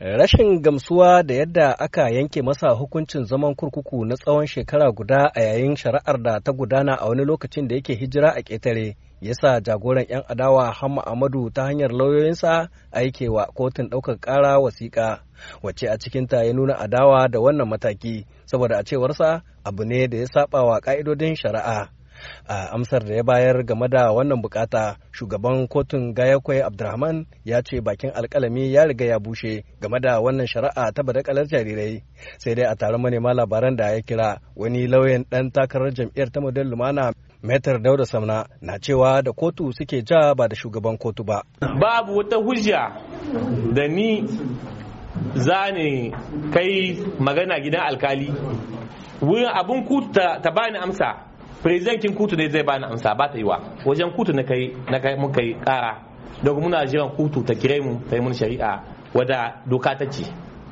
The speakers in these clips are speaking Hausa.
Rashin gamsuwa da yadda aka yanke masa hukuncin zaman kurkuku na tsawon shekara guda a yayin shari'ar da ta gudana a wani lokacin da yake hijira a ƙetare ya sa jagoran 'yan adawa Hamma Amadu ta hanyar lauyoyinsa aikewa kotun ɗaukar ƙara wasiƙa wacce a cikin ta ya nuna adawa da wannan mataki saboda a cewarsa abu ne da ya saɓa wa ƙa'idodin shari'a. a amsar da ya bayar game da wannan bukata shugaban kotun gayakwai abdurrahman ya ce bakin alkalami ya riga ya bushe game da wannan shari'a ta badakalar jarirai sai dai a taron manema labaran da ya kira wani lauyan dan takarar jam'iyyar ta model lumana metar dauda samna na cewa da kotu suke ja ba da shugaban kotu ba babu wata hujja da ni za ne kai magana gidan alkali wurin abin kuta ta bani amsa prezidantin kutu ne zai bani amsa ba ta yi wa wajen kutu na kai na kai muka yi kara daga muna jiran kutu ta kire mu ta yi mun shari'a wada doka ta ce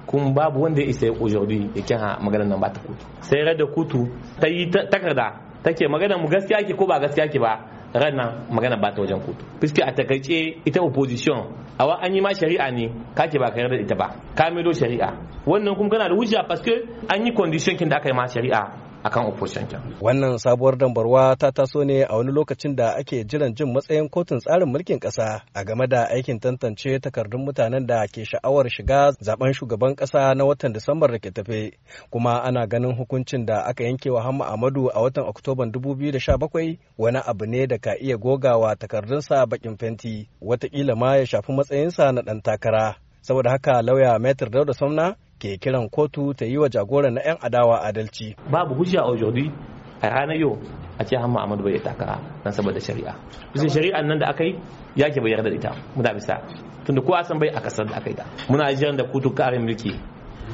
Kun babu wanda ya isa ya ujodi ya ha maganar nan ba ta kutu sai rada kutu ta yi takarda ta ke magana mu gaskiya ke ko ba gaskiya ke ba ranar magana ba ta wajen kutu. fiske a takaice ita opposition awa an yi ma shari'a ne kake ba ka yarda ita ba ka do shari'a wannan kuma kana da hujja paske an yi condition kin da aka yi ma shari'a akan opposition kenan wannan sabuwar dambarwa ta taso ne a wani lokacin da ake jiran jin matsayin kotun tsarin mulkin ƙasa, a game da aikin tantance takardun mutanen da ke sha'awar shiga zaben shugaban ƙasa na watan disambar da ke tafe kuma ana ganin hukuncin da aka yanke wa hamma amadu a watan oktoban 2017 wani abu ne da ka iya gogawa takardunsa bakin fenti watakila ma ya shafi matsayinsa na ɗan takara saboda haka lauya metar dauda somna ke kiran kotu ta yi wa jagoran na 'yan adawa adalci. Babu hujja a a ranar yau a ce hamma amadu bai taka nan saboda shari'a bisa shari'a nan da aka yi ya ke bayar da ita muna bisa da kowa san bai a kasar da aka yi ta muna jiran da kutu karin mulki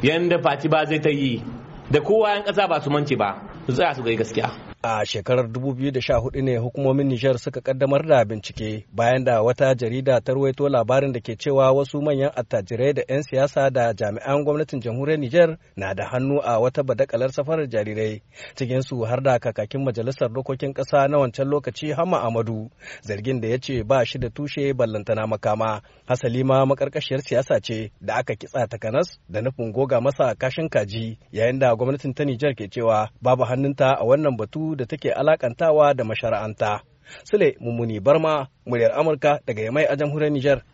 yanda fati ba zai ta yi da kowa yan kasa ba su mance ba su tsaya su gai gaskiya A shekarar 2014 ne hukumomin Nijar suka kaddamar da bincike bayan da wata jarida ta ruwaito labarin da ke cewa wasu manyan attajirai da 'yan siyasa da jami'an gwamnatin jamhuriyar Nijar na da hannu a wata badakalar safarar jarirai cikinsu har da kakakin majalisar dokokin ƙasa na wancan lokaci Hamma Amadu zargin da ya ce ba shi da tushe ballantana makama hasali ma makarkashiyar siyasa ce da aka kitsa takanas da nufin goga masa kashin kaji yayin da gwamnatin ta Nijar ke cewa babu hannunta a wannan batu da take alakantawa da mashara'anta. Sule Mummuni Barma, muryar Amurka daga Yamai a jamhuriyar Nijar.